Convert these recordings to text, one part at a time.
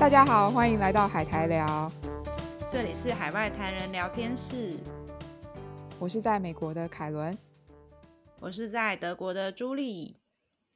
大家好，歡迎來到海苔聊，這裡是海外台人聊天室。我是在美國的凱倫，我是在德國的朱莉。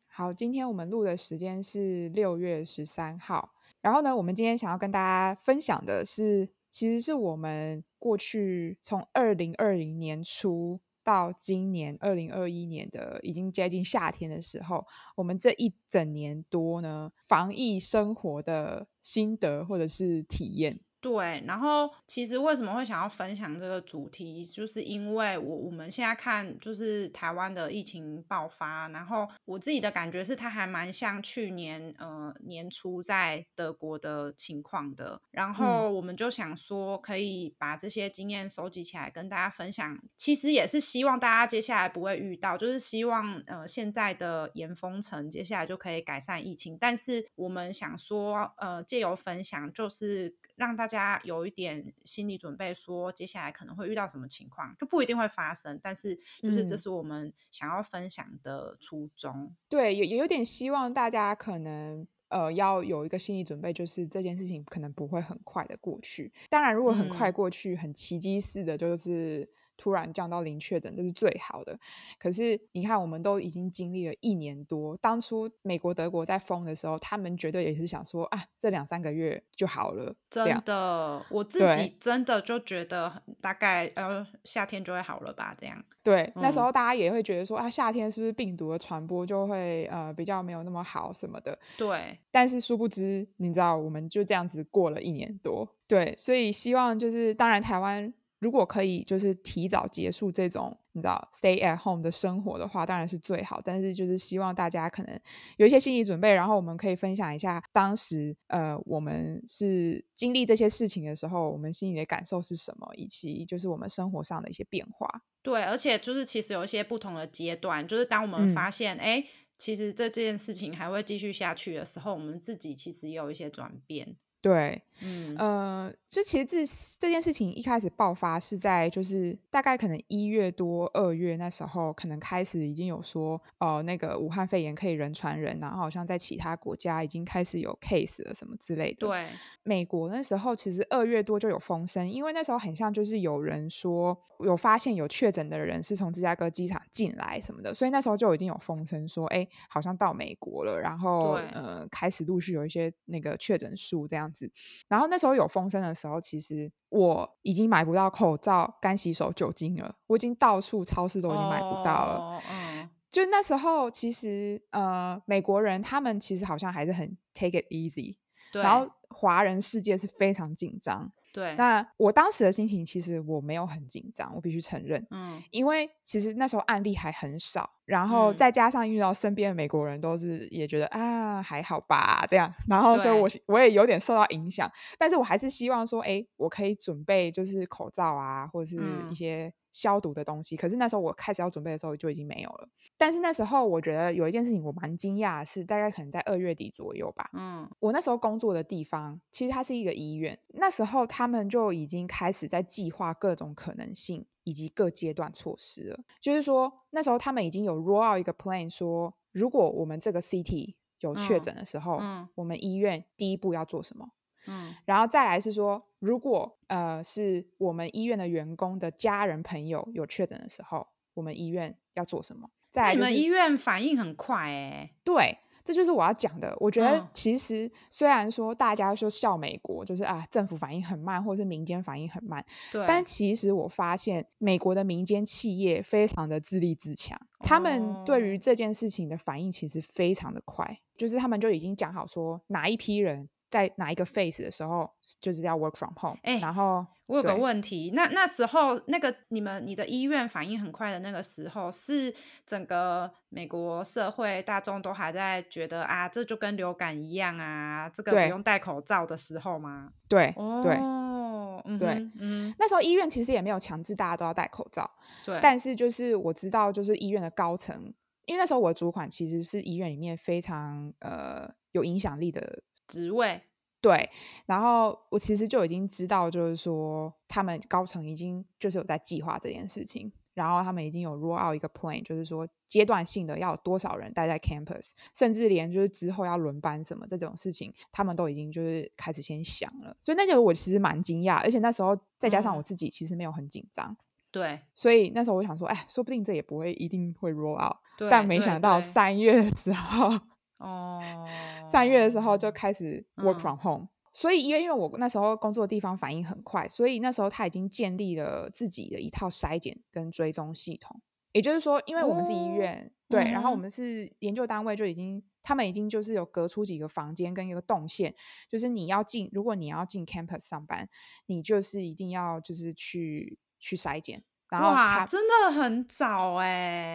好，今天我們錄的時間是六月十三號，然後呢，我們今天想要跟大家分享的是，其實是我們過去從二零二零年初。到今年二零二一年的已經接近夏天的時候，我們這一整年多呢，防疫生活的心得或者是體驗。對，然後其實為什麼會想要分享這個主題，就是因為我我們現在看，就是台灣的疫情爆發，然後我自己的感覺是它還蠻像去年呃年初在德國的情況的，然後我們就想說可以把這些經驗收集起來跟大家分享，其實也是希望大家接下來不會遇到，就是希望呃現在的嚴封城，接下來就可以改善疫情，但是我們想說呃借由分享就是。讓大家有一點心理準備，說接下來可能會遇到什麼情況，就不一定會發生。但是，就是這是我們想要分享的初衷。嗯、對，也也有點希望大家可能呃要有一個心理準備，就是這件事情可能不會很快的過去。當然，如果很快過去，嗯、很奇蹟似的，就是。突然降到零確診，這是最好的。可是你看，我們都已經經歷了一年多。當初美國、德國在封的時候，他們絕對也是想說：“啊，這兩三個月就好了。”真的，樣我自己真的就覺得，大概對呃夏天就會好了吧。這樣對，嗯、那時候大家也會覺得說：“啊，夏天是不是病毒的傳播就會呃比較沒有那麼好什麼的？”對。但是殊不知，你知道，我們就這樣子過了一年多。對，所以希望就是，當然台灣。如果可以，就是提早結束這種你知道 stay at home 的生活的話，當然是最好。但是就是希望大家可能有一些心理準備，然後我們可以分享一下當時呃我們是經歷這些事情的時候，我們心裡的感受是什麼，以及就是我們生活上的一些變化。對，而且就是其實有一些不同的階段，就是當我們發現哎、嗯欸，其實這件事情還會繼續下去的時候，我們自己其實也有一些轉變。對。嗯呃，就其實這這件事情一開始爆發是在就是大概可能一月多二月那時候，可能開始已經有說哦、呃、那個武漢肺炎可以人傳人，然後好像在其他國家已經開始有 case 了什麼之類的。對，美國那時候其實二月多就有風聲，因為那時候很像就是有人說有發現有確診的人是從芝加哥機場進來什麼的，所以那時候就已經有風聲說哎、欸、好像到美國了，然後對呃開始陸續有一些那個確診數這樣子。然後那時候有風聲的時候，其實我已經買不到口罩、乾洗手、酒精了。我已經到處超市都已經買不到了。Oh, um. 就那時候，其實呃，美國人他們其實好像還是很 take it easy。對。然後華人世界是非常緊張。對。那我當時的心情，其實我沒有很緊張，我必須承認。嗯。因為其實那時候案例還很少。然後再加上遇到身邊的美國人，都是也覺得、嗯、啊，還好吧，這樣。然後所以，我我也有點受到影響。對但是我還是希望說，哎，我可以準備，就是口罩啊，或者是一些消毒的東西。嗯、可是那時候我開始要準備的時候，就已經沒有了。但是那時候我覺得有一件事情我蠻驚訝的是，大概可能在二月底左右吧。嗯，我那時候工作的地方其實它是一個醫院，那時候他們就已經開始在計劃各種可能性。以及各階段措施了，就是說那時候他們已經有 roll out 一個 plan，說如果我們這個 city 有確診的時候，嗯，嗯我們醫院，第一步要做什麼？嗯，然後再來是說，如果呃是我們醫院的員工的家人朋友有確診的時候，我們醫院要做什麼？在、就是、你們醫院反應很快、欸，誒，對。這就是我要講的。我覺得，其實雖然說大家說笑美國，嗯、就是啊，政府反應很慢，或者是民間反應很慢，對但其實我發現美國的民間企業非常的自立自強，哦、他們對於這件事情的反應其實非常的快，就是他們就已經講好說哪一批人。在哪一個 phase 的時候，就是要 work from home、欸。哎，然後我有個問題，對那那時候那個你們你的醫院反應很快的那個時候，是整個美國社會大眾都還在覺得啊，這就跟流感一樣啊，這個不用戴口罩的時候嗎？對，哦、對，對、嗯，嗯對，那時候醫院其實也沒有強制大家都要戴口罩，對。但是就是我知道，就是醫院的高層，因為那時候我的主管其實是醫院裡面非常呃有影響力的。職位對，然後我其實就已經知道，就是說他們高層已經就是有在計劃這件事情，然後他們已經有 roll out 一個 plan，就是說階段性的要有多少人待在 campus，甚至連就是之後要輪班什麼這種事情，他們都已經就是開始先想了。所以那就我其實蠻驚訝，而且那時候再加上我自己其實沒有很緊張，嗯、對，所以那時候我想說，哎，說不定這也不會一定會 roll out，對但沒想到三月的時候。 哦，三 月的時候就開始 work from home，、嗯、所以因為因為我那時候工作的地方反應很快，所以那時候他已經建立了自己的一套篩檢跟追蹤系統。也就是說，因為我們是醫院，嗯、對，然後我們是研究單位，就已經他們已經就是有隔出幾個房間跟一個動線，就是你要進，如果你要進 campus 上班，你就是一定要就是去去篩檢。然後哇，真的很早哎、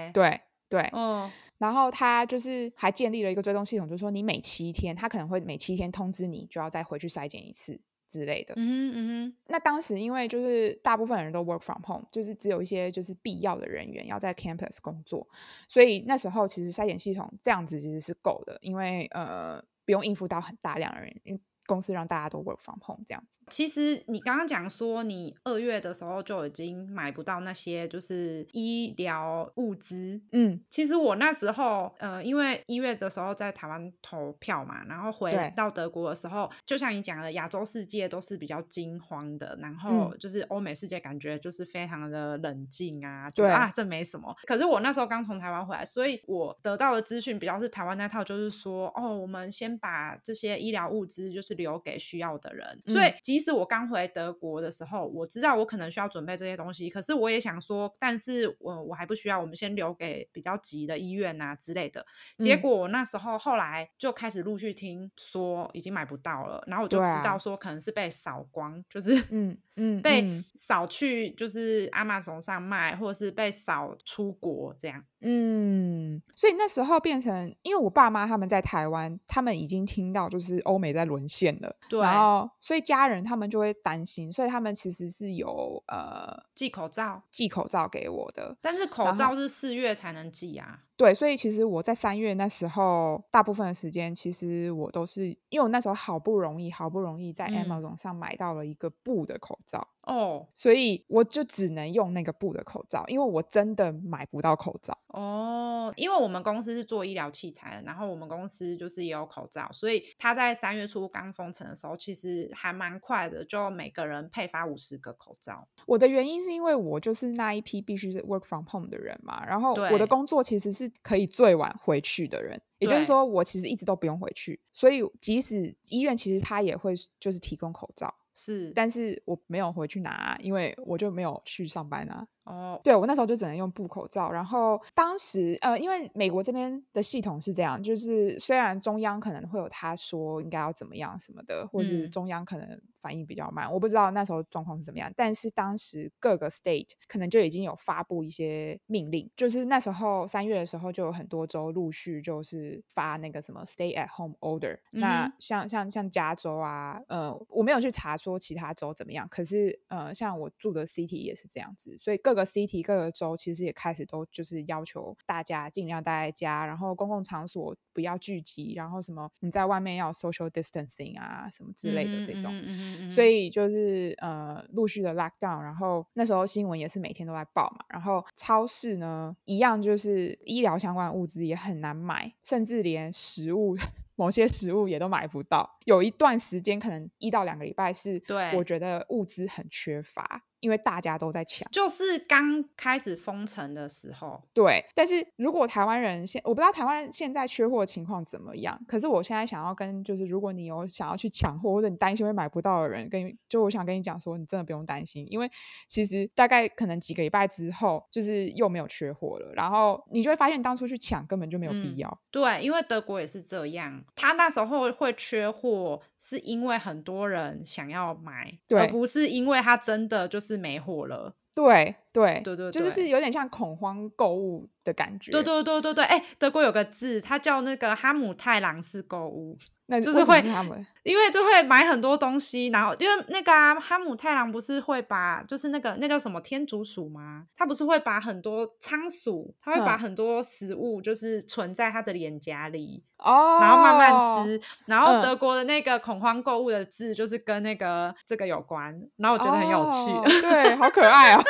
欸！對。對，嗯，然後他就是還建立了一個追蹤系統，就是說你每七天，他可能會每七天通知你，就要再回去篩檢一次之類的。嗯嗯，那當時因為就是大部分人都 work from home，就是只有一些就是必要的人員要在 campus 工作，所以那時候其實篩檢系統這樣子其實是夠的，因為呃不用應付到很大量的人。公司讓大家都 work from home 這樣子。其實你剛剛講說，你二月的時候就已經買不到那些就是醫療物資。嗯，其實我那時候，呃，因為一月的時候在台灣投票嘛，然後回到德國的時候，對就像你講的，亞洲世界都是比較驚慌的，然後就是歐美世界感覺就是非常的冷靜啊。嗯、就對啊，這沒什麼。可是我那時候剛從台灣回來，所以我得到的資訊比較是台灣那套，就是說，哦，我們先把這些醫療物資就是。留給需要的人，所以即使我剛回德國的時候，嗯、我知道我可能需要準備這些東西，可是我也想說，但是我我還不需要，我們先留給比較急的醫院啊之類的。嗯、結果那時候後來就開始陸續聽說已經買不到了，然後我就知道說可能是被掃光，啊、就是嗯嗯被掃去就是 Amazon 上賣，或者是被掃出國這樣。嗯，所以那時候變成，因為我爸媽他們在台灣，他們已經聽到就是歐美在淪陷了，對，然後所以家人他們就會擔心，所以他們其實是有呃寄口罩，寄口罩給我的，但是口罩是四月才能寄啊，對，所以其實我在三月那時候大部分的時間，其實我都是因為我那時候好不容易好不容易在 Amazon 上買到了一個布的口罩。嗯哦，oh, 所以我就只能用那個布的口罩，因為我真的買不到口罩。哦，oh, 因為我們公司是做醫療器材的，然後我們公司就是也有口罩，所以他在三月初剛封城的時候，其實還蠻快的，就每個人配發五十個口罩。我的原因是因為我就是那一批必須是 work from home 的人嘛，然後我的工作其實是可以最晚回去的人，對也就是說我其實一直都不用回去，所以即使醫院其實他也會就是提供口罩。是，但是我沒有回去拿，因為我就沒有去上班啊。哦，oh. 對我那時候就只能用布口罩。然後當時，呃，因為美國這邊的系統是這樣，就是雖然中央可能會有他說應該要怎麼樣什麼的，或是中央可能反應比較慢，嗯。我不知道那時候狀況是怎麼樣。但是當時各個 state 可能就已經有發布一些命令，就是那時候三月的時候就有很多州陸續就是發那個什麼 stay at home order。嗯。那像像像加州啊，呃，我沒有去查說其他州怎麼樣，可是呃，像我住的 city 也是這樣子，所以各個。各 city 各個州其實也開始都就是要求大家盡量待在家，然後公共場所不要聚集，然後什麼你在外面要 social distancing 啊什麼之類的這種，嗯嗯嗯嗯、所以就是呃陸續的 lock down，然後那時候新聞也是每天都在報嘛，然後超市呢一樣就是醫療相關物資也很難買，甚至連食物某些食物也都買不到，有一段時間可能一到兩個禮拜。是，對，我覺得物資很缺乏。因為大家都在搶，就是剛開始封城的時候。對，但是如果台灣人現，我不知道台灣現在缺貨的情況怎麼樣？可是我現在想要跟，就是如果你有想要去搶貨，或者你擔心會買不到的人，跟你就我想跟你講說，你真的不用擔心，因為其實大概可能幾個禮拜之後，就是又沒有缺貨了。然後你就會發現當初去搶根本就沒有必要。嗯，對，因為德國也是這樣，他那時候會缺貨。是因為很多人想要買，對而不是因為它真的就是沒貨了。對。對，對對對，就是是有點像恐慌購物的感覺。對對對對對，哎，德國有個字，它叫那個哈姆太郎式購物，那就是會，為什麼是他們因為就會買很多東西，然後因為那個、啊、哈姆太郎不是會把，就是那個那叫什麼天竺鼠嗎？他不是會把很多倉鼠，他會把很多食物就是存在他的臉頰裡哦，嗯、然後慢慢吃。然後德國的那個恐慌購物的字就是跟那個、嗯、這個有關，然後我覺得很有趣，哦、對，好可愛哦、啊。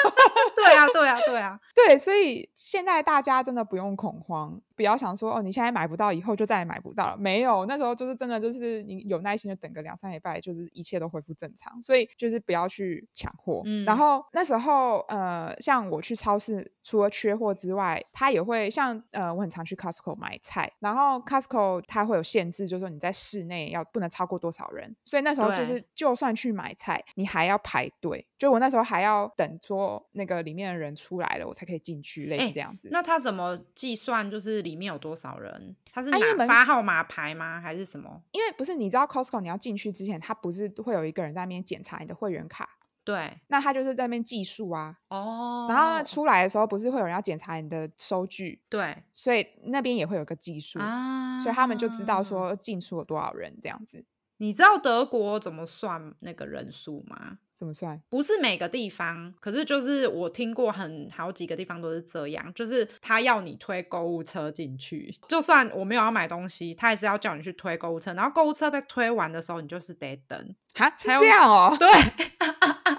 對呀，對呀，對呀， 對，所以現在大家真的不用恐慌。不要想說哦，你現在買不到，以後就再也買不到了。沒有，那時候就是真的，就是你有耐心就等個兩三禮拜，就是一切都恢復正常。所以就是不要去搶貨。嗯。然後那時候呃，像我去超市，除了缺貨之外，他也會像呃，我很常去 Costco 買菜。然後 Costco 它會有限制，就是說你在室內要不能超過多少人。所以那時候就是就算去買菜，你還要排隊。就我那時候還要等說那個裡面的人出來了，我才可以進去，類似這樣子。欸，那他怎麼計算就是？裡面有多少人？他是拿、啊、發號碼牌嗎？還是什麼？因為不是，你知道，Costco 你要進去之前，他不是會有一個人在那邊檢查你的會員卡？對，那他就是在那邊計數啊。哦，然後出來的時候，不是會有人要檢查你的收據？對，所以那邊也會有個計數啊，所以他們就知道說進出了多少人這樣子。你知道德國怎麼算那個人數嗎？怎麼算？不是每個地方，可是就是我聽過很好幾個地方都是這樣，就是他要你推購物車進去，就算我沒有要買東西，他也是要叫你去推購物車，然後購物車被推完的時候，你就是得等啊，蛤有是這樣哦，對。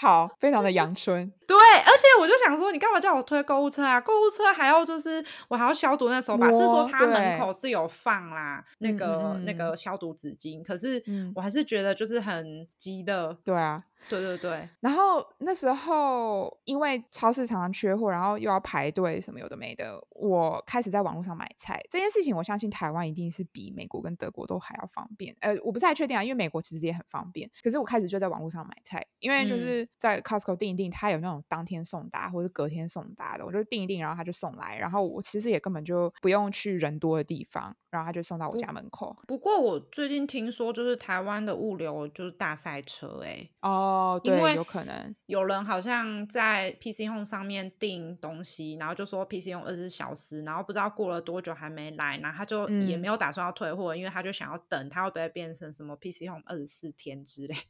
好，非常的陽春。 對，而且我就想說，你幹嘛叫我推購物車啊？購物車還要就是我還要消毒那手把，我是說他門口是有放啦，對那個、嗯、那個消毒紙巾。嗯、可是我還是覺得就是很雞肋。對啊。對對對，然後那時候因為超市常常缺貨，然後又要排隊什麼有的沒的，我開始在網絡上買菜這件事情，我相信台灣一定是比美國跟德國都還要方便。呃，我不太確定啊，因為美國其實也很方便，可是我開始就在網絡上買菜，因為就是在 Costco 訂一訂，它有那種當天送達或者隔天送達的，我就訂一訂，然後它就送來，然後我其實也根本就不用去人多的地方。然後他就送到我家門口。不，不過我最近聽說，就是台灣的物流就是大塞車哎、欸、哦，oh, 對，有可能有人好像在 PC Home 上面訂東西，然後就說 PC Home 二十四小時，然後不知道過了多久還沒來，然後他就也沒有打算要退貨，嗯、因為他就想要等，他會不會變成什麼 PC Home 二十四天之類的？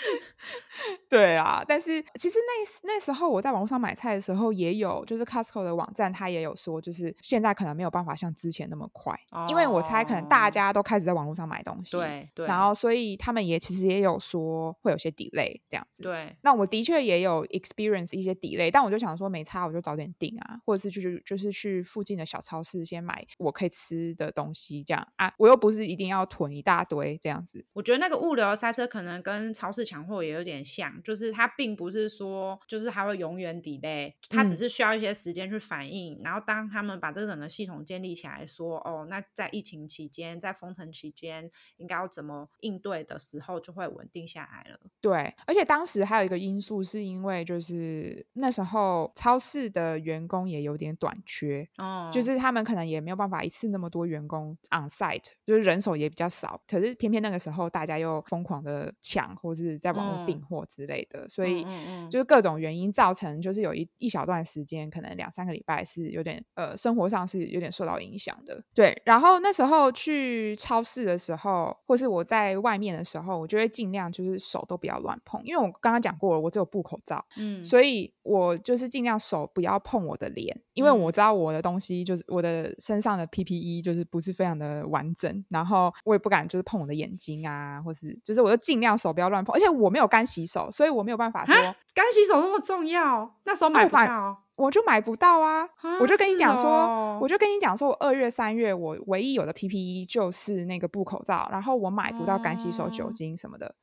對啊，但是其實那那時候我在網絡上買菜的時候，也有就是 Costco 的網站，它也有說，就是現在可能沒有辦法像之前那麼快，哦，因為我猜可能大家都開始在網絡上買東西，對，對，然後所以他們也其實也有說會有些 delay 這樣子。對，那我的確也有 experience 一些 delay，但我就想說沒差，我就早點訂啊，或者是去就，就是去附近的小超市先買我可以吃的東西，這樣啊，我又不是一定要囤一大堆這樣子。我覺得那個物流的塞車可能跟超市，搶貨也有點像，就是它並不是說就是還會永遠 delay，它只是需要一些時間去反應。嗯，然後當他們把這整個系統建立起來說，說哦，那在疫情期間，在封城期間應該要怎麼應對的時候，就會穩定下來了。對，而且當時還有一個因素是因為就是那時候超市的員工也有點短缺，哦，就是他們可能也沒有辦法一次那麼多員工 on site，就是人手也比較少。可是偏偏那個時候大家又瘋狂的搶，或者是在網絡訂貨之類的，嗯、所以嗯嗯嗯，就是各種原因造成，就是有一一小段時間，可能兩三個禮拜是有點呃，生活上是有點受到影響的。對，然後那時候去超市的時候，或是我在外面的時候，我就會盡量就是手都不要亂碰，因為我剛剛講過了，我只有布口罩，嗯，所以我就是盡量手不要碰我的臉，因為我知道我的東西就是我的身上的 PPE 就是不是非常的完整，然後我也不敢就是碰我的眼睛啊，或是就是我就盡量手不要亂碰，而且。但我沒有乾洗手，所以我沒有辦法說乾洗手那麼重要。那時候買不到，我買，我就買不到啊！哈我就跟你講說，哦、我就跟你講說，我二月三月我唯一有的 PPE 就是那個布口罩，然後我買不到乾洗手酒精什麼的，嗯、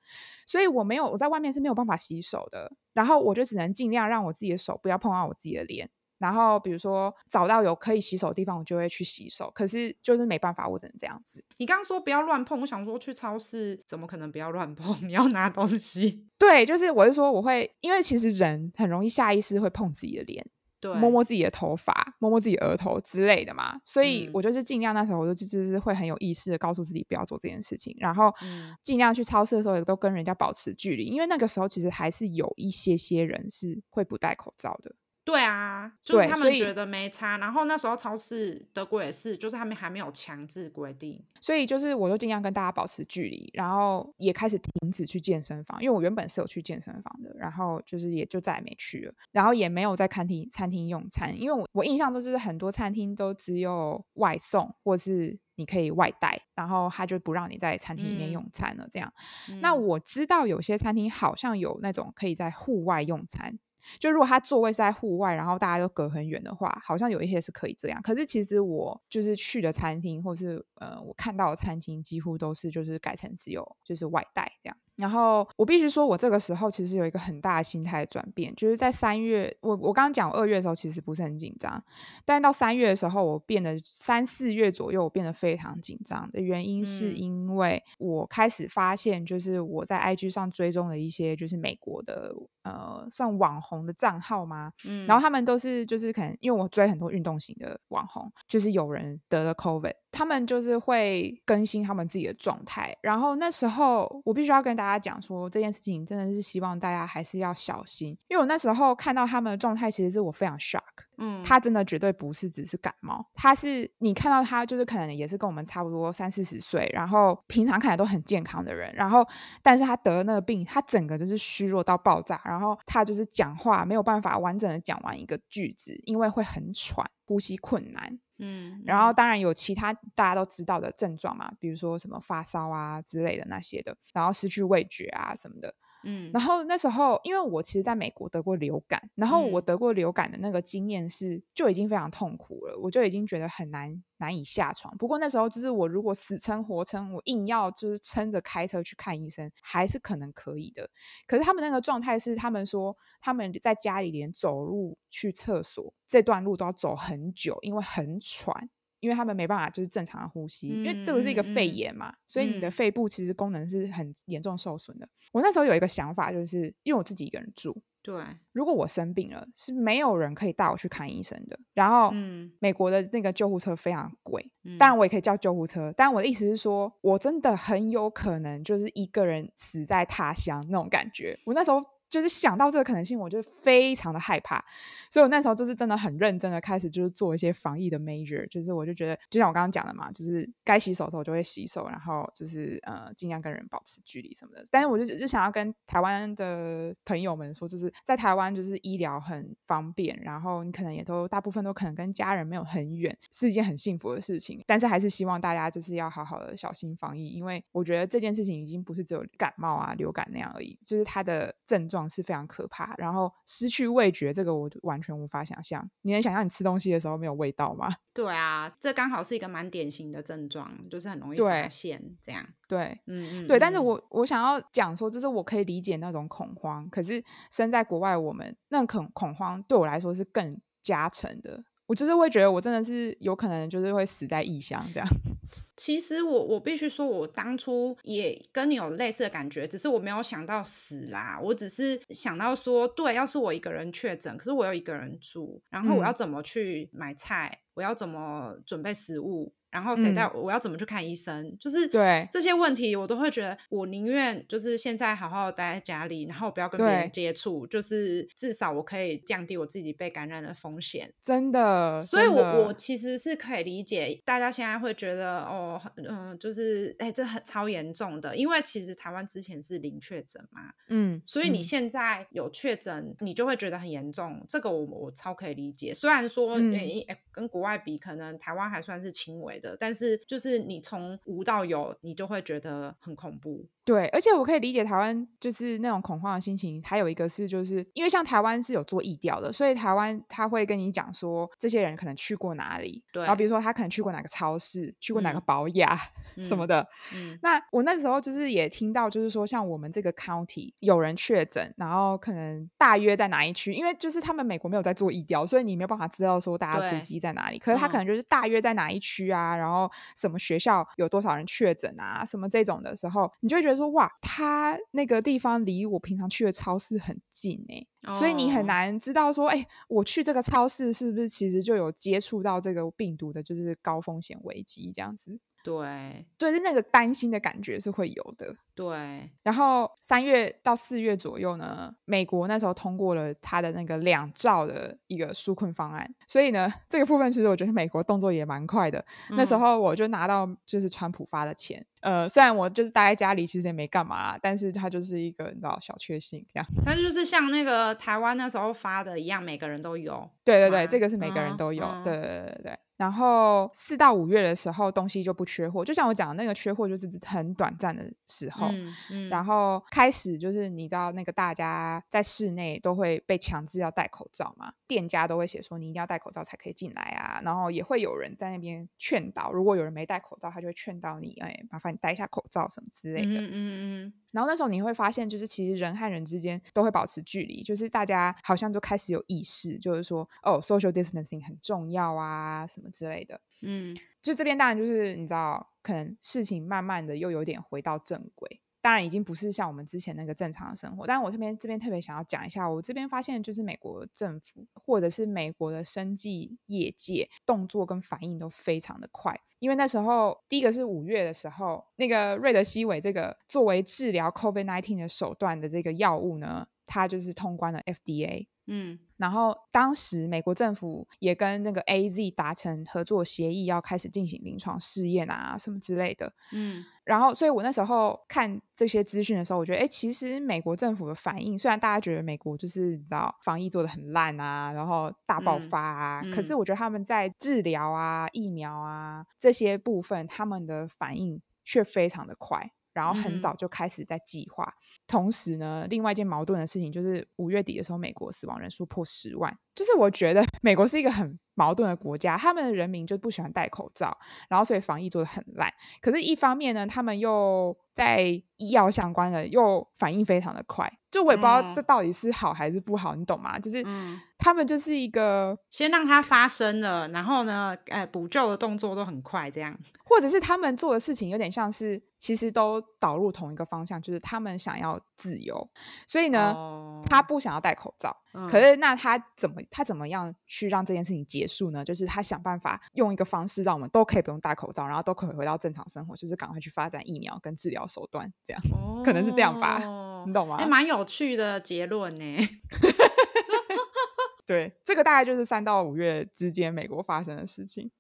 所以我沒有，我在外面是沒有辦法洗手的，然後我就只能盡量讓我自己的手不要碰到我自己的臉。然後，比如說找到有可以洗手的地方，我就會去洗手。可是就是沒辦法，我只能這樣子。你剛剛說不要亂碰，我想說去超市怎麼可能不要亂碰？你要拿東西。對，就是我是說，我會因為其實人很容易下意識會碰自己的臉，對，摸摸自己的頭髮，摸摸自己額頭之類的嘛。所以，我就是儘量那時候我就就是會很有意識的告訴自己不要做這件事情，然後儘量去超市的時候也都跟人家保持距離，因為那個時候其實還是有一些些人是會不戴口罩的。對啊，就是他們覺得沒差。然後那時候超市德國也是，就是他們還沒有強制規定。所以就是我就盡量跟大家保持距離，然後也開始停止去健身房，因為我原本是有去健身房的，然後就是也就再也沒去了。然後也沒有在餐廳餐廳用餐，因為我我印象都是很多餐廳都只有外送或是你可以外帶，然後他就不讓你在餐廳裡面用餐了。這樣，嗯，那我知道有些餐廳好像有那種可以在戶外用餐。就如果他座位，是在戶外，然後大家都隔很遠的話，好像有一些是可以這樣。可是其實我就是去的餐廳，或是呃我看到的餐廳，幾乎都是就是改成只有就是外帶這樣。然後我必須說，我這個時候其實有一個很大的心態的轉變，就是在三月，我我剛剛講二月的時候其實不是很緊張，但到三月的時候，我變得三四月左右，我變得非常緊張的原因是因為我開始發現，就是我在 IG 上追蹤了一些就是美國的呃算網紅的賬號嘛，嗯，然後他們都是就是可能因為我追很多運動型的網紅，就是有人得了 COVID，他們就是會更新他們自己的狀態，然後那時候我必須要跟大家講說這件事情，真的是希望大家還是要小心，因為我那時候看到他們的狀態，其實是我非常 shock，嗯，他真的絕對不是只是感冒，他是你看到他就是可能也是跟我們差不多三四十歲，然後平常看起來都很健康的人，然後但是他得了那個病，他整個就是虛弱到爆炸，然後他就是講話沒有辦法完整的講完一個句子，因為會很喘，呼吸困難。嗯，嗯，然後當然有其他大家都知道的症狀嘛，比如說什麼發燒啊之類的那些的，然後失去味覺啊什麼的。嗯，然後那時候，因為我其實在美國得過流感，然後我得過流感的那個經驗是就已經非常痛苦了，我就已經覺得很難，難以下床。不過那時候就是我如果死撐活撐，我硬要就是撐着開車去看醫生，還是可能可以的。可是他們那個狀態是，他們說他們在家裡連走路去廁所這段路都要走很久，因為很喘。因為他們沒辦法就是正常的呼吸，因為這個是一個肺炎嘛，嗯嗯、所以你的肺部其實功能是很嚴重受損的。嗯、我那時候有一個想法，就是因為我自己一個人住，對，如果我生病了，是沒有人可以帶我去看醫生的。然後，嗯、美國的那個救護車非常貴，但我也可以叫救護車，但我的意思是說，我真的很有可能就是一個人死在他鄉那種感覺。我那時候。就是想到這個可能性，我就非常的害怕，所以我那時候就是真的很認真的開始就是做一些防疫的 measure，就是我就覺得，就像我剛剛講的嘛，就是該洗手的時候就會洗手，然後就是呃盡量跟人保持距離什麼的。但是我就就想要跟台灣的朋友們說，就是在台灣就是醫療很方便，然後你可能也都大部分都可能跟家人沒有很遠，是一件很幸福的事情。但是還是希望大家就是要好好的小心防疫，因為我覺得這件事情已經不是只有感冒啊、流感那樣而已，就是它的症狀。是非常可怕，然後失去味覺，這個我完全無法想象。你能想象你吃東西的時候沒有味道嗎？對啊，這剛好是一個蠻典型的症狀，就是很容易發現對這樣。對，嗯嗯，對。但是我我想要講說，就是我可以理解那種恐慌，可是身在國外，我們那恐恐慌對我來說是更加深的。我就是會覺得，我真的是有可能就是會死在異鄉這樣。其實我我必須說，我當初也跟你有類似的感覺，只是我沒有想到死啦，我只是想到說，對，要是我一個人確診，可是我又一個人住，然後我要怎麼去買菜，嗯、我要怎麼準備食物。然後誰帶我？嗯、我要怎麼去看醫生？就是對這些問題，我都會覺得我寧願就是現在好好待在家裡，然後不要跟別人接觸，對就是至少我可以降低我自己被感染的風險。真的，所以我，我的我其實是可以理解大家現在會覺得哦，嗯，就是哎、欸，這很超嚴重的，因為其實台灣之前是零確診嘛，嗯，所以你現在有確診，嗯、你就會覺得很嚴重。這個我我超可以理解。雖然說，哎、欸欸，跟國外比，可能台灣還算是輕微。但是，就是你從無到有，你就會覺得很恐怖。對，而且我可以理解台灣就是那種恐慌的心情。還有一個是，就是因為像台灣是有做疫調的，所以台灣他會跟你講說，這些人可能去過哪裡，對然後比如說他可能去過哪個超市，去過哪個寶雅、嗯、什麼的。嗯、那我那時候就是也聽到，就是說像我們這個 county 有人確診，然後可能大約在哪一區，因為就是他們美國沒有在做疫調，所以你沒有辦法知道說大家的足跡在哪裡。對可是他可能就是大約在哪一區啊。嗯然後什麼學校有多少人確診啊？什麼這種的時候，你就會覺得說哇，他那個地方離我平常去的超市很近呢、欸，Oh. 所以你很難知道說，哎、欸，我去這個超市是不是其實就有接觸到這個病毒的，就是高風險危機這樣子？對，對，是那個擔心的感覺是會有的。對，然後三月到四月左右呢，美國那時候通過了他的那個兩兆的一個紓困方案，所以呢，這個部分其實我覺得美國動作也蠻快的。那時候我就拿到就是川普發的錢，嗯、呃，雖然我就是待在家裡，其實也沒幹嘛，但是它就是一個你知道小確幸這樣。它就是像那個台灣那時候發的一樣，每個人都有。有對對對，啊、這個是每個人都有。有、啊、對、對、對對對，然後四到五月的時候，東西就不缺貨，就像我講的那個缺貨，就是很短暫的時候。嗯嗯嗯，然後開始就是你知道那個大家在室內都會被強制要戴口罩嘛，店家都會寫說你一定要戴口罩才可以進來啊，然後也會有人在那邊勸導，如果有人沒戴口罩，他就會勸導你，哎，麻煩你戴一下口罩什麼之類的。嗯。嗯嗯。然後那時候你會發現，就是其實人和人之間都會保持距離，就是大家好像就開始有意識，就是說哦，social distancing 很重要啊，什麼之類的。嗯。就這邊當然就是你知道，可能事情慢慢的又有點回到正軌，當然已經不是像我們之前那個正常的生活。但是我這邊這邊特別想要講一下，我這邊發現的就是美國政府或者是美國的生技業界動作跟反應都非常的快，因為那時候第一個是五月的時候，那個瑞德西韋這個作為治療 COVID-19 的手段的這個藥物呢，它就是通關了 FDA。嗯，然後當時美國政府也跟那個 AZ 達成合作協議，要開始進行臨床試驗啊，什麼之類的。嗯，然後，所以我那時候看這些資訊的時候，我覺得，哎、欸，其實美國政府的反應，雖然大家覺得美國就是你知道防疫做得很爛啊，然後大爆發啊，嗯嗯、可是我覺得他們在治療啊、疫苗啊這些部分，他們的反應卻非常的快。然後很早就開始在計劃，嗯、同時呢，另外一件矛盾的事情就是，五月底的時候，美國死亡人數破十萬，就是我覺得美國是一個很矛盾的國家，他們的人民就不喜歡戴口罩，然後所以防疫做得很爛。可是，一方面呢，他們又在醫藥相關的又反應非常的快，就我也不知道這到底是好還是不好，嗯、你懂嗎？就是他們就是一個先讓它發生了，然後呢，哎，補救的動作都很快，這樣，或者是他們做的事情有點像是其實都導入同一個方向，就是他們想要自由，所以呢，他不想要戴口罩。可是，那他怎麼他怎麼樣去讓這件事情結束呢？就是他想辦法用一個方式，讓我們都可以不用戴口罩，然後都可以回到正常生活，就是趕快去發展疫苗跟治療手段，這樣，哦、可能是這樣吧？你懂嗎？欸、蠻有趣的結論耶。對，這個大概就是三到五月之間美國發生的事情。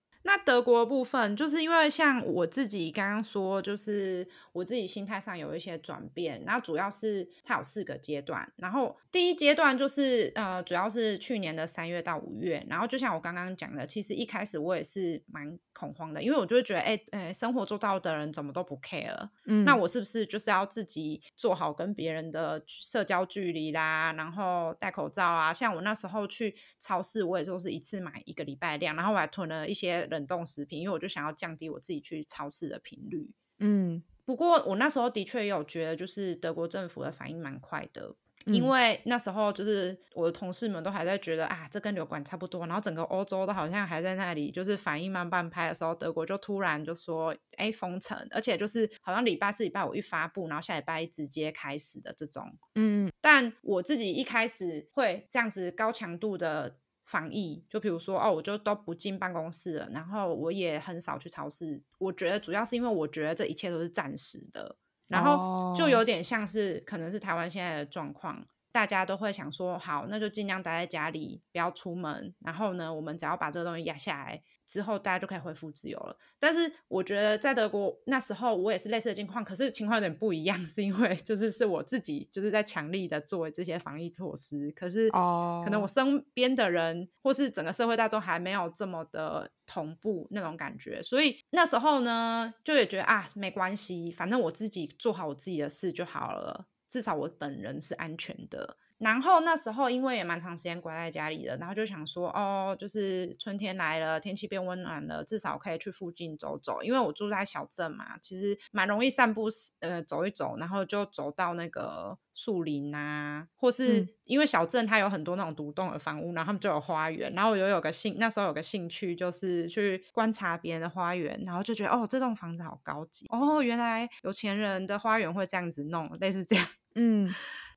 德國部分，就是因為像我自己剛剛說，就是我自己心態上有一些轉變。那主要是它有四個階段，然後第一階段就是呃，主要是去年的三月到五月。然後就像我剛剛講的，其實一開始我也是蠻恐慌的，因為我就會覺得，哎、欸、哎、欸，生活周遭的人怎麼都不 care，嗯，那我是不是就是要自己做好跟別人的社交距離啦，然後戴口罩啊？像我那時候去超市，我也說是一次買一個禮拜量，然後我還囤了一些冷凍。食品，因為我就想要降低我自己去超市的頻率。嗯，不過我那時候的確也有覺得，就是德國政府的反應蠻快的，嗯，因為那時候就是我的同事們都還在覺得，啊，這跟流感差不多，然後整個歐洲都好像還在那裡，就是反應慢半拍的時候，德國就突然就說，哎、欸，封城，而且就是好像禮拜四禮拜五一發布，然後下禮拜一直接開始的這種。嗯，但我自己一開始會這樣子高強度的。防疫，就比如說哦，我就都不進辦公室了，然後我也很少去超市。我覺得主要是因為我覺得這一切都是暫時的，然後就有點像是、哦、可能是台灣現在的狀況，大家都會想說，好，那就盡量待在家裡，不要出門。然後呢，我們只要把這個東西壓下來。之後大家就可以恢復自由了，但是我覺得在德國那時候我也是類似的境況，可是情況有點不一樣，是因為就是是我自己就是在強力的做這些防疫措施，可是哦，可能我身邊的人、oh. 或是整個社會大眾還沒有這麼的同步那種感覺，所以那時候呢就也覺得啊沒關係，反正我自己做好我自己的事就好了，至少我本人是安全的。然後那時候因為也蠻長時間關在家裡的。然後就想說哦，就是春天來了，天氣變溫暖了，至少可以去附近走走。因為我住在小鎮嘛，其實蠻容易散步，呃，走一走，然後就走到那個樹林啊，或是因為小鎮它有很多那種獨棟的房屋，然後他們就有花園，然後我就有個興，那時候有個興趣就是去觀察別人的花園，然後就覺得哦，這棟房子好高級哦，原來有錢人的花園會這樣子弄，類似這樣，嗯。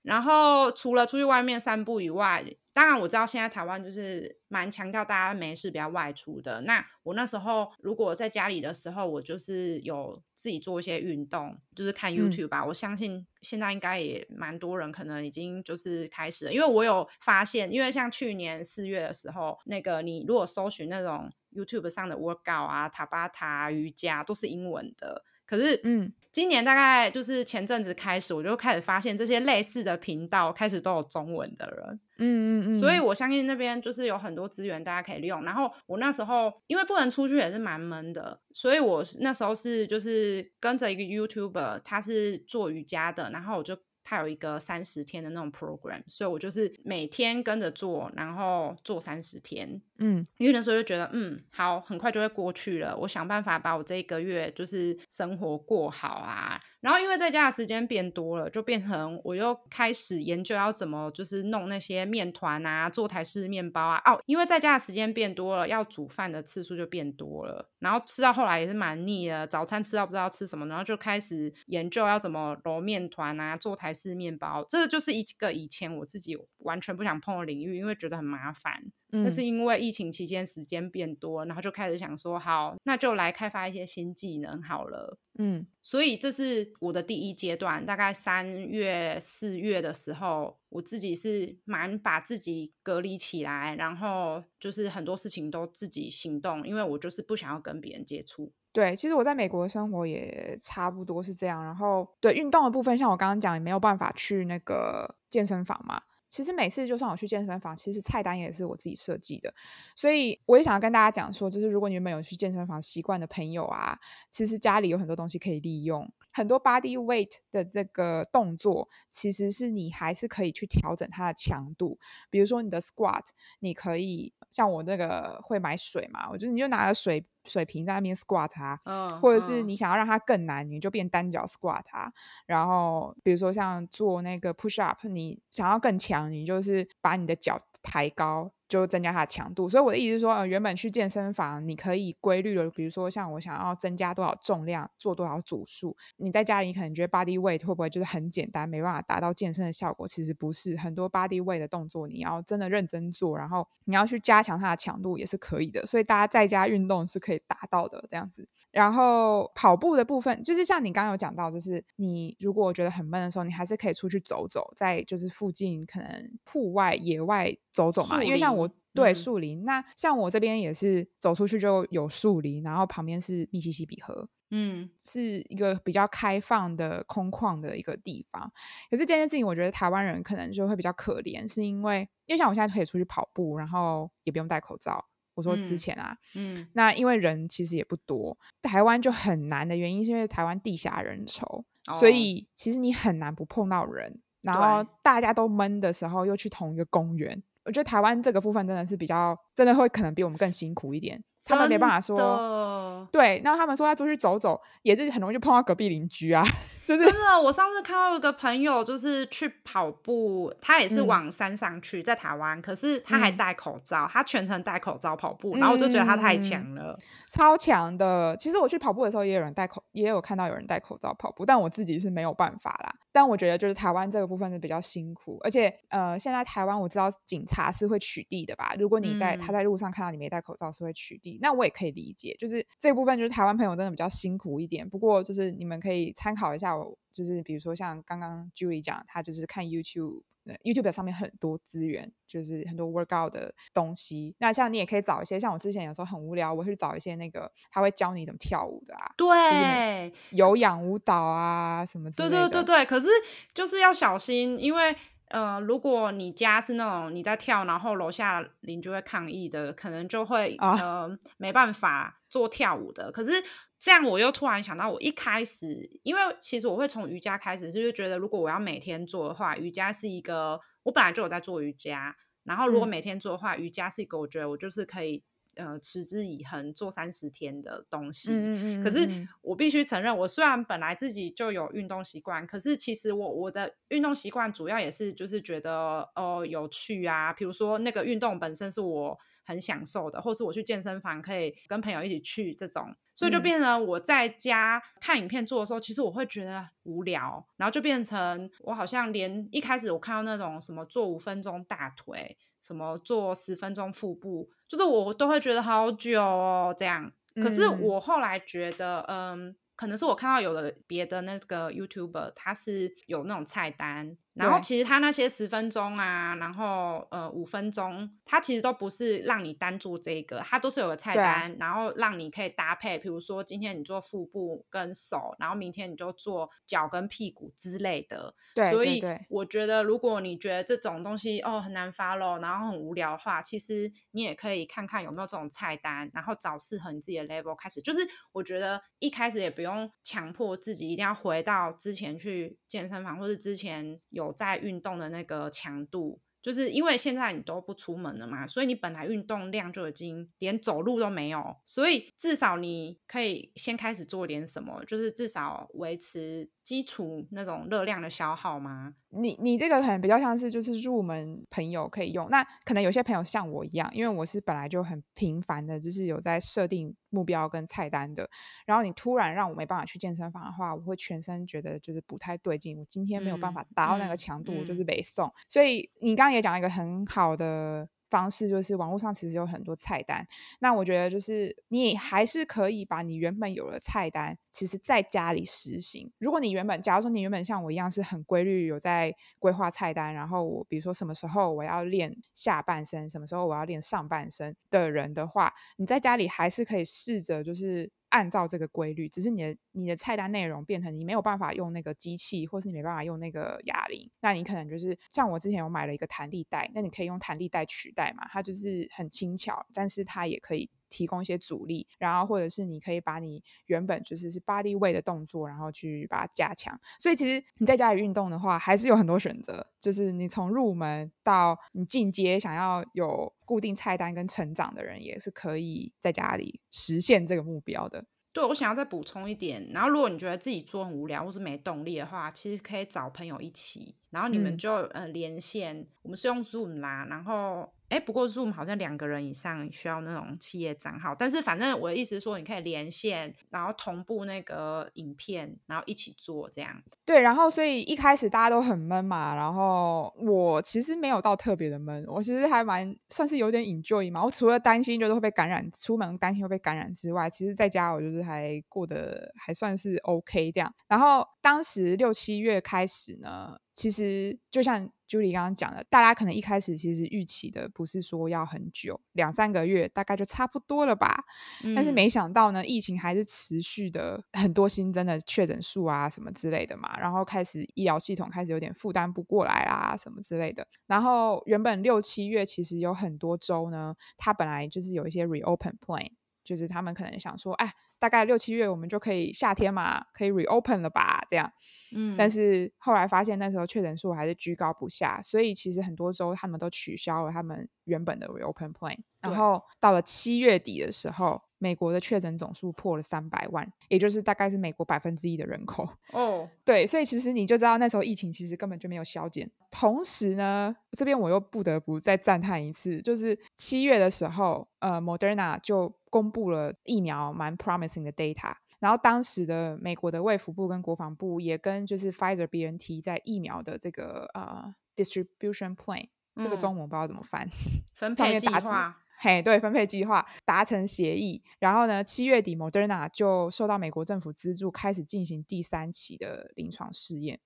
然後除了出去外面散步以外，當然我知道現在台灣就是蠻強調大家沒事不要外出的。那我那時候如果在家裡的時候，我就是有自己做一些運動，就是看 YouTube 吧。嗯、我相信現在應該也蠻多人可能已經就是開始了，因為我有發現，因為像去年四月的時候，那個你如果搜尋那種 YouTube 上的 workout 啊、塔巴塔啊、瑜伽都是英文的，可是嗯。今年大概就是前陣子開始，我就開始發現這些類似的頻道開始都有中文的人，嗯嗯嗯，所以我相信那邊就是有很多資源大家可以利用。然後我那時候因為不能出去也是蠻悶的，所以我那時候是就是跟着一個 YouTuber，他是做瑜伽的，然後我就。它有一個三十天的那種 program，所以我就是每天跟着做，然後做三十天。嗯，因為那時候就覺得，嗯，好，很快就會過去了。我想辦法把我這一個月就是生活過好啊。然後因為在家的時間變多了，就變成我又開始研究要怎麼就是弄那些麵團啊，做台式麵包啊。哦，因為在家的時間變多了，要煮飯的次數就變多了。然後吃到後來也是蠻膩的，早餐吃到不知道吃什麼，然後就開始研究要怎麼揉麵團啊，做台式麵包。這就是一個以前我自己完全不想碰的領域，因為覺得很麻煩。那是因為疫情期間時間變多，嗯、然後就開始想說，好，那就來開發一些新技能好了。嗯，所以這是我的第一階段，大概三月、四月的時候，我自己是蠻把自己隔離起來，然後就是很多事情都自己行動，因為我就是不想要跟別人接觸。對，其實我在美國的生活也差不多是這樣，然後對運動的部分，像我剛剛講，也沒有辦法去那個健身房嘛。其實每次就算我去健身房，其實菜單也是我自己設計的，所以我也想要跟大家講說，就是如果你們有去健身房習慣的朋友啊，其實家裡有很多東西可以利用。很多 body weight 的這個動作，其實是你還是可以去調整它的強度。比如說你的 squat，你可以像我那個會買水嘛，我就你就拿個水水瓶在那邊 squat 它，oh, oh. 或者是你想要讓它更難，你就變單腳 squat 它。然後比如說像做那個 push up，你想要更強，你就是把你的腳抬高。就增加它的強度，所以我的意思是說，呃，原本去健身房你可以規律的，比如說像我想要增加多少重量，做多少組數。你在家裡你可能覺得 body weight 會不會就是很簡單，沒辦法達到健身的效果？其實不是，很多 body weight 的動作，你要真的認真做，然後你要去加強它的強度也是可以的。所以大家在家運動是可以達到的這樣子。然後跑步的部分，就是像你剛剛有講到，就是你如果覺得很悶的時候，你還是可以出去走走，在就是附近可能戶外野外走走嘛，樹林。因為像我。我對樹林，嗯、那像我這邊也是走出去就有樹林，然後旁邊是密西西比河，嗯，是一個比較開放的、空曠的一個地方。可是這件事情，我覺得台灣人可能就會比較可憐，是因為因為像我現在可以出去跑步，然後也不用戴口罩，我說之前啊，嗯，那因為人其實也不多，台灣就很難的原因，是因為台灣地狹人稠，所以其實你很難不碰到人，哦、然後大家都悶的時候，又去同一個公園。我覺得台灣這個部分真的是比較，真的會可能比我們更辛苦一點。他們沒辦法說，的對，那他們說要出去走走，也是很容易就碰到隔壁鄰居啊。就是，真的，我上次看到一個朋友，就是去跑步，他也是往山上去，嗯、在台灣，可是他還戴口罩，嗯、他全程戴口罩跑步，然後我就覺得他太強了，嗯嗯、超強的。其實我去跑步的時候，也有人戴口，也有看到有人戴口罩跑步，但我自己是沒有辦法啦。但我覺得就是台灣這個部分是比較辛苦，而且呃，現在台灣我知道警察是會取締的吧？如果你在他在路上看到你沒戴口罩，是會取締。嗯那我也可以理解，就是這部分就是台灣朋友真的比較辛苦一點。不過就是你們可以參考一下我，我就是比如說像剛剛 Julie 講，她就是看 YouTube、YouTube 上面很多資源，就是很多 workout 的東西。那像你也可以找一些，像我之前有時候很無聊，我會去找一些那個他會教你怎麼跳舞的啊，對，有氧舞蹈啊、嗯、什麼之類的。對對對對，可是就是要小心，因為。呃，如果你家是那種你在跳，然後樓下鄰居會抗議的，可能就會、Oh. 呃，沒辦法做跳舞的。可是這樣，我又突然想到，我一開始因為其實我會從瑜伽開始，就是覺得如果我要每天做的話，瑜伽是一個我本來就有在做瑜伽，然後如果每天做的話，嗯、瑜伽是一個我覺得我就是可以。呃，持之以恆做三十天的東西。嗯嗯嗯嗯，可是我必須承認，我雖然本來自己就有運動習慣，可是其實我我的運動習慣主要也是就是覺得哦，呃，有趣啊，比如說那個運動本身是我。很享受的，或是我去健身房可以跟朋友一起去這種，所以就變成我在家看影片做的時候，嗯、其實我會覺得無聊，然後就變成我好像連一開始我看到那種什麼做五分鐘大腿，什麼做十分鐘腹部，就是我都會覺得好久哦，這樣。可是我後來覺得，嗯，嗯，可能是我看到有的別的那個 YouTuber 他是有那種菜單。然後其實他那些十分鐘啊，然後呃五分鐘，他其實都不是讓你單做這個，他都是有個菜單，對然後讓你可以搭配。比如說今天你做腹部跟手，然後明天你就做腳跟屁股之類的。對，所以我覺得，如果你覺得這種東西哦很難 follow，然後很無聊的話，其實你也可以看看有沒有這種菜單，然後找適合你自己的 level 開始。就是我覺得一開始也不用強迫自己一定要回到之前去健身房，或是之前有。在運動的那個強度，就是因為現在你都不出門了嘛，所以你本來運動量就已經連走路都沒有，所以至少你可以先開始做點什麼，就是至少維持。基礎那種熱量的消耗嗎？你你這個可能比較像是就是入門朋友可以用。那可能有些朋友像我一樣，因為我是本來就很頻繁的，就是有在設定目標跟菜單的。然後你突然讓我沒辦法去健身房的話，我會全身覺得就是不太對勁。我今天沒有辦法達到那個強度，我、嗯、就是沒送。嗯嗯、所以你剛剛也講了一個很好的方式，就是網絡上其實有很多菜單。那我覺得就是你還是可以把你原本有的菜單其實在家裡實行，如果你原本，假如說你原本像我一樣是很規律有在規劃菜單，然後我比如說什麼時候我要練下半身，什麼時候我要練上半身的人的話，你在家裡還是可以試着就是按照這個規律，只是你的你的菜單內容變成你沒有辦法用那個機器，或是你沒辦法用那個啞鈴，那你可能就是像我之前有買了一個彈力帶，那你可以用彈力帶取代嘛，它就是很輕巧，但是它也可以。提供一些阻力，然後或者是你可以把你原本就是是 body weight 的動作，然後去把它加強。所以其實你在家裡運動的話，還是有很多選擇。就是你從入門到你進階，想要有固定菜單跟成長的人，也是可以在家裡實現這個目標的。對，我想要再補充一點。然後如果你覺得自己做很無聊或是沒動力的話，其實可以找朋友一起，然後你們就、嗯、呃連線。我們是用 Zoom 啦，然後。哎，不過 Zoom 好像兩個人以上需要那種企業賬號，但是反正我的意思是說，你可以連線，然後同步那個影片，然後一起做這樣。對，然後所以一開始大家都很悶嘛，然後我其實沒有到特別的悶，我其實還蠻算是有點 enjoy 嘛。我除了擔心就是會被感染，出門擔心會被感染之外，其實在家我就是還過得還算是 OK 這樣。然後當時六七月開始呢。其實就像 Julie 剛剛講的，大家可能一開始其實預期的不是說要很久，兩三個月大概就差不多了吧。嗯、但是沒想到呢，疫情還是持續的，很多新增的確診數啊什麼之類的嘛，然後開始醫療系統開始有點負擔不過來啊什麼之類的。然後原本六七月其實有很多州呢，它本來就是有一些 reopen plan。就是他們可能想說，哎，大概六七月我們就可以夏天嘛，可以 reopen 了吧？這樣，嗯，但是後來發現那時候確診數還是居高不下，所以其實很多州他們都取消了他們原本的 reopen plan。對，然後到了七月底的時候，美國的確診總數破了三百萬，也就是大概是美國百分之一的人口。哦，對，所以其實你就知道那時候疫情其實根本就沒有削減。同時呢，這邊我又不得不再讚嘆一次，就是七月的時候，呃，Moderna 就公佈了疫苗蠻 promising 的 data，然後當時的美國的衛福部跟國防部也跟就是 Pfizer BNT 在疫苗的這個呃、uh, distribution plan，嗯、這個中文我不知道怎麼翻，分配計劃， 計劃嘿，對，分配計劃達成協議，然後呢，七月底 Moderna 就受到美國政府資助，開始進行第三期的臨床試驗。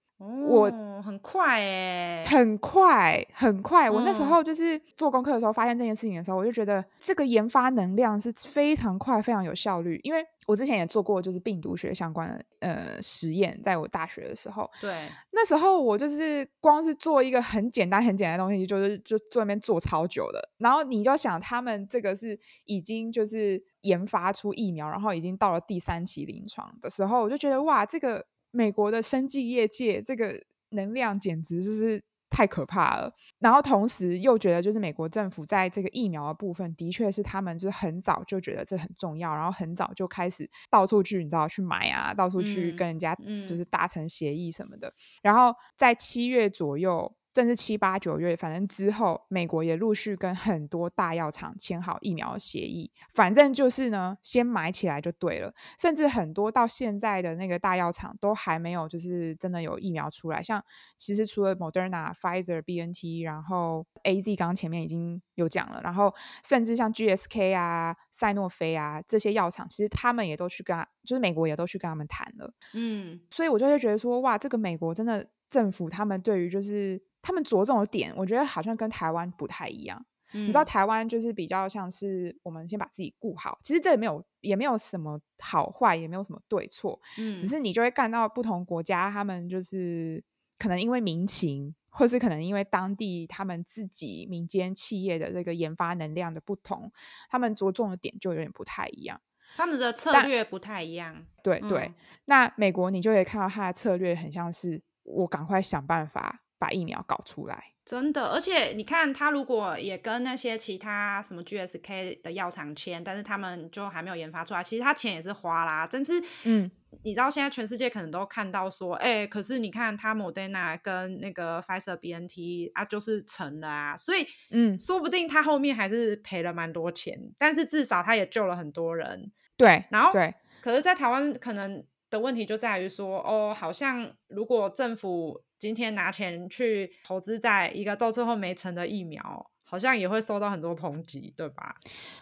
我很快哎、欸，很快很快。嗯、我那時候就是做功課的時候發現這件事情的時候，我就覺得這個研發能量是非常快、非常有效率。因為我之前也做過就是病毒學相關的呃實驗，在我大學的時候。對，那時候我就是光是做一個很簡單、很簡單的東西，就是就坐那邊做超久了，然後你就想，他們這個是已經就是研發出疫苗，然後已經到了第三期臨床的時候，我就覺得哇，這個。美國的生技業界這個能量簡直就是太可怕了，然後同時又覺得就是美國政府在這個疫苗的部分，的確是他們就是很早就覺得這很重要，然後很早就開始到處去你知道去買啊，到處去跟人家就是達成協議什麼的，嗯嗯、然後在七月左右。甚至七八九月，反正之後美國也陸續跟很多大藥廠簽好疫苗協議，反正就是呢，先買起來就對了。甚至很多到現在的那個大藥廠都還沒有，就是真的有疫苗出來。像其實除了 Moderna、Pfizer、B N T，然後 A Z，剛剛前面已經有講了，然後甚至像 G S K 啊、賽諾菲啊這些藥廠，其實他們也都去跟，就是美國也都去跟他們談了。嗯，所以我就會覺得說，哇，這個美國真的政府他們對於就是。他們着重的點，我覺得好像跟台灣不太一樣。嗯、你知道台灣就是比較像是我們先把自己顧好，其實這也沒有也沒有什麼好壞，也沒有什麼對錯，嗯、只是你就會看到不同國家他們就是可能因為民情，或是可能因為當地他們自己民間企業的這個研發能量的不同，他們着重的點就有點不太一樣。他們的策略但不太一樣，對對。對嗯、那美國你就可以看到他的策略很像是我趕快想辦法，把疫苗搞出來，真的，而且你看，他如果也跟那些其他什麼 GSK 的藥廠簽，但是他們就還沒有研發出來，其實他錢也是花啦，但是，嗯，你知道現在全世界可能都看到說，哎、欸，可是你看他莫德納跟那個 Pfizer BNT 啊，就是成了啊，所以，嗯，說不定他後面還是賠了蠻多錢，但是至少他也救了很多人，對，然後對，可是，在台灣可能的問題就在於說，哦，好像如果政府。今天拿錢去投資在一個到最後沒成的疫苗，好像也會受到很多抨擊，對吧？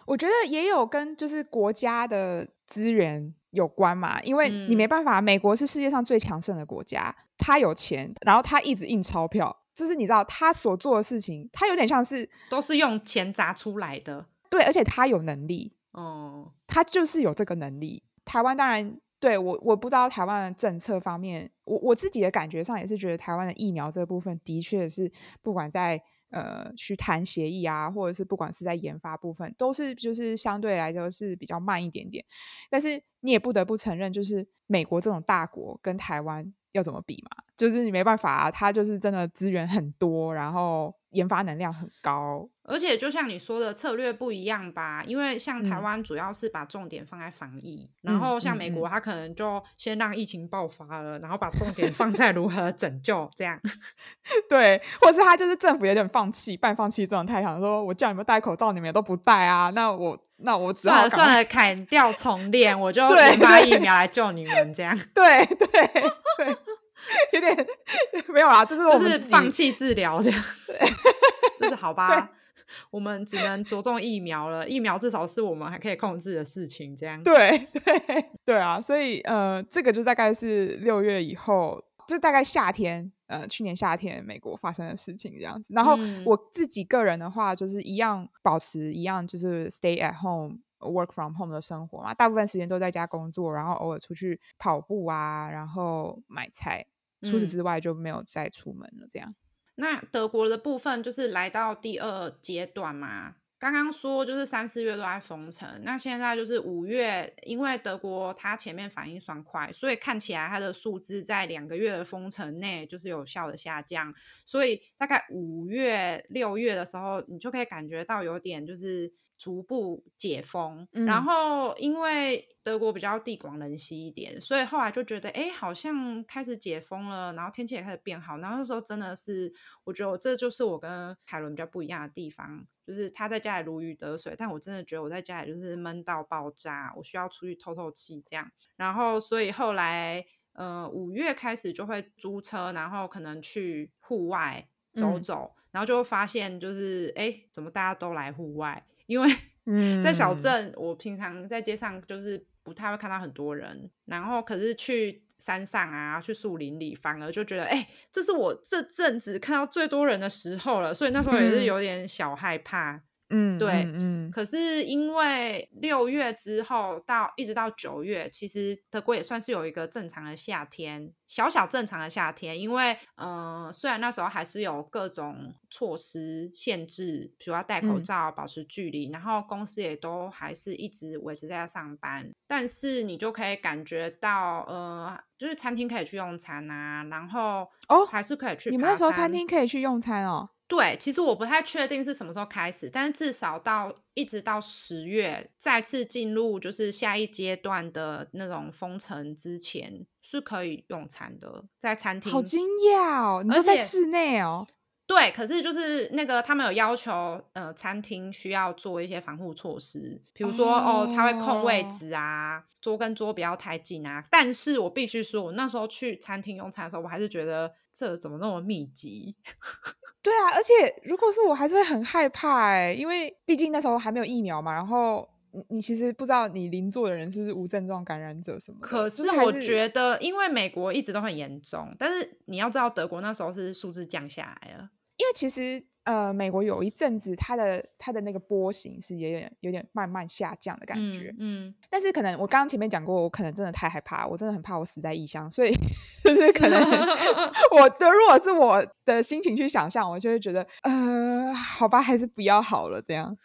我覺得也有跟就是國家的資源有關嘛，因為你沒辦法，嗯，美國是世界上最強盛的國家，他有錢，然後他一直印鈔票，就是你知道他所做的事情，他有點像是都是用錢砸出來的，對，而且他有能力，哦，他就是有這個能力。台灣當然。對，我我不知道台灣的政策方面，我我自己的感覺上也是覺得台灣的疫苗這部分的確是不管在呃去談協議啊，或者是不管是在研發部分，都是就是相對來說是比較慢一點點。但是你也不得不承認，就是美國這種大國跟台灣要怎麼比嘛？就是你沒辦法啊，它就是真的資源很多，然後，研發能量很高，而且就像你說的策略不一樣吧？因為像台灣主要是把重點放在防疫，嗯、然後像美國，他可能就先讓疫情爆發了，嗯、然後把重點放在如何拯救 這樣。對，或是他就是政府有點放棄，半放棄這種態度，想說我叫你們戴口罩，你們都不戴啊，那我那我只好算了算了，算了砍掉重練， 我就研發疫苗來救你們這樣。對對對。對對對 有點沒有啦，就是就是放棄治療這樣，就是好吧，我們只能着重疫苗了，疫苗至少是我們還可以控制的事情，這樣 對，對對對啊，所以呃，這個就大概是六月以後，就大概夏天，呃，去年夏天美國發生的事情這樣子。然後我自己個人的話，就是一樣保持一樣，就是 stay at home，work from home 的生活嘛，大部分時間都在家工作，然後偶爾出去跑步啊，然後買菜。除此之外就沒有再出門了。這樣、嗯，那德國的部分就是來到第二階段嘛。剛剛說就是三四月都在封城，那現在就是五月，因為德國它前面反應算快，所以看起來它的數字在兩個月的封城內就是有效的下降。所以大概五月、六月的時候，你就可以感覺到有點就是。逐步解封，然後因為德國比較地廣人稀一點，嗯、所以後來就覺得哎，好像開始解封了，然後天氣也開始變好。然後那時候真的是，我覺得我這就是我跟凱倫比較不一樣的地方，就是他在家裡如魚得水，但我真的覺得我在家裡就是悶到爆炸，我需要出去透透氣這樣。然後所以後來呃，五月開始就會租車，然後可能去戶外走走，嗯、然後就會發現就是哎，怎麼大家都來戶外？因為在小鎮，我平常在街上就是不太會看到很多人，然後可是去山上啊，去樹林裡，反而就覺得，哎、欸，這是我這陣子看到最多人的時候了，所以那時候也是有點小害怕。嗯。嗯，對，嗯，嗯，可是因為六月之後到一直到九月，其實德國也算是有一個正常的夏天，小小正常的夏天。因為，嗯、呃，雖然那時候還是有各種措施限制，比如要戴口罩、保持距離，嗯、然後公司也都還是一直維持在家上班，但是你就可以感覺到，嗯、呃，就是餐廳可以去用餐啊，然後哦，還是可以去、哦。你們那時候餐廳可以去用餐哦？對，其實我不太確定是什麼時候開始，但是至少到一直到十月再次進入就是下一階段的那種封城之前是可以用餐的，在餐廳。好驚訝哦，你就在室內哦？對，可是就是那個他們有要求，呃，餐廳需要做一些防護措施，比如說哦，他、哦、會空位置啊，桌跟桌不要太近啊。但是我必須說，我那時候去餐廳用餐的時候，我還是覺得這怎麼那麼密集？對啊，而且如果是我，還是會很害怕、欸、因為畢竟那時候還沒有疫苗嘛。然後你你其實不知道你鄰座的人是不是無症狀感染者什麼？可是我覺得，因為美國一直都很嚴重，是是但是你要知道，德國那時候是數字降下來了。因為其實，呃，美國有一陣子，它的它的那個波形是有點有點慢慢下降的感覺，嗯，嗯，但是可能我剛剛前面講過，我可能真的太害怕，我真的很怕我死在異鄉，所以就是可能 我的如果是我的心情去想象，我就會覺得，呃，好吧，還是不要好了，這樣。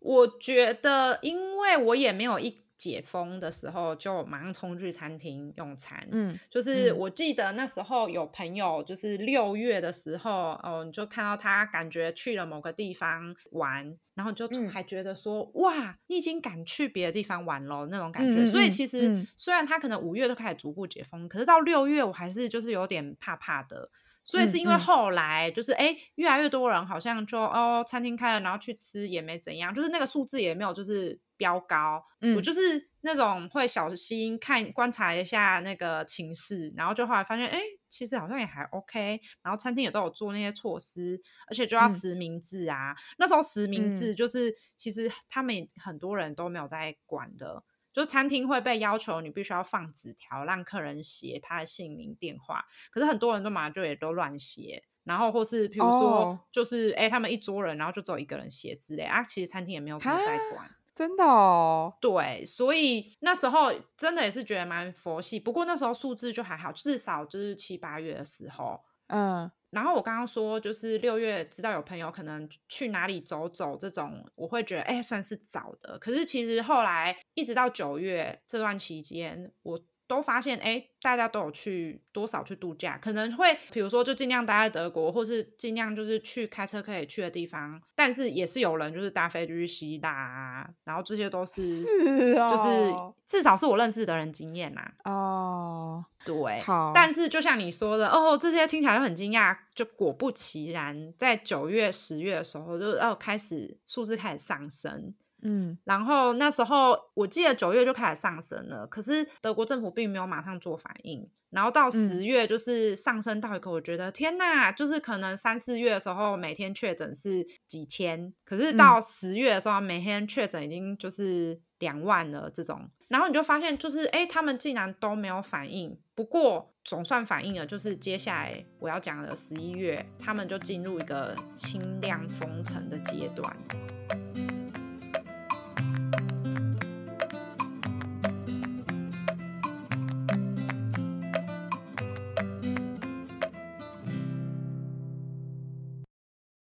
我覺得，因為我也沒有一。解封的時候就馬上衝去餐廳用餐，嗯，就是我記得那時候有朋友，就是六月的時候，嗯、哦，你就看到他感覺去了某個地方玩，然後就還覺得說、嗯、哇，你已經敢去別的地方玩了那種感覺。嗯嗯嗯、所以其實雖然他可能五月都開始逐步解封，可是到六月我還是就是有點怕怕的。所以是因為後來就是誒、嗯嗯欸，越來越多人好像就哦，餐廳開了，然後去吃也沒怎樣，就是那個數字也沒有就是飆高。嗯，我就是那種會小心看觀察一下那個情勢，然後就後來發現哎、欸，其實好像也還 OK，然後餐廳也都有做那些措施，而且就要實名制啊。嗯、那時候實名制就是其實他們很多人都沒有在管的。就餐廳會被要求你必須要放紙條，讓客人寫他的姓名、電話。可是很多人都馬上就也都亂寫，然後或是比如說，就是哎、oh. 欸，他們一桌人，然後就只有一個人寫字嘞啊，其實餐廳也沒有人在管，huh? 真的哦。對，所以那時候真的也是覺得蠻佛系，不過那時候數字就還好，至少就是七八月的時候，嗯。Uh. 然後我剛剛說，就是六月知道有朋友可能去哪裡走走這種，我會覺得哎，算是早的。可是其實後來一直到九月這段期間，我。都發現哎，大家都有去多少去度假，可能會比如說就盡量待在德國，或是盡量就是去開車可以去的地方，但是也是有人就是搭飛機去希臘、啊，然後這些都是，是、哦、就是至少是我認識的人經驗啦、啊、哦，oh, 對，好，但是就像你說的哦，這些聽起來就很驚訝，就果不其然，在九月十月的時候就要、哦、開始數字開始上升。嗯，然後那時候我記得九月就開始上升了，可是德國政府並沒有馬上做反應。然後到十月就是上升到一個，我覺得天哪，就是可能三四月的時候每天確診是幾千，可是到十月的時候每天確診已經就是兩萬了這種。然後你就發現就是，哎，他們竟然都沒有反應。不過總算反應了，就是接下來我要講的十一月，他們就進入一個輕量封城的階段。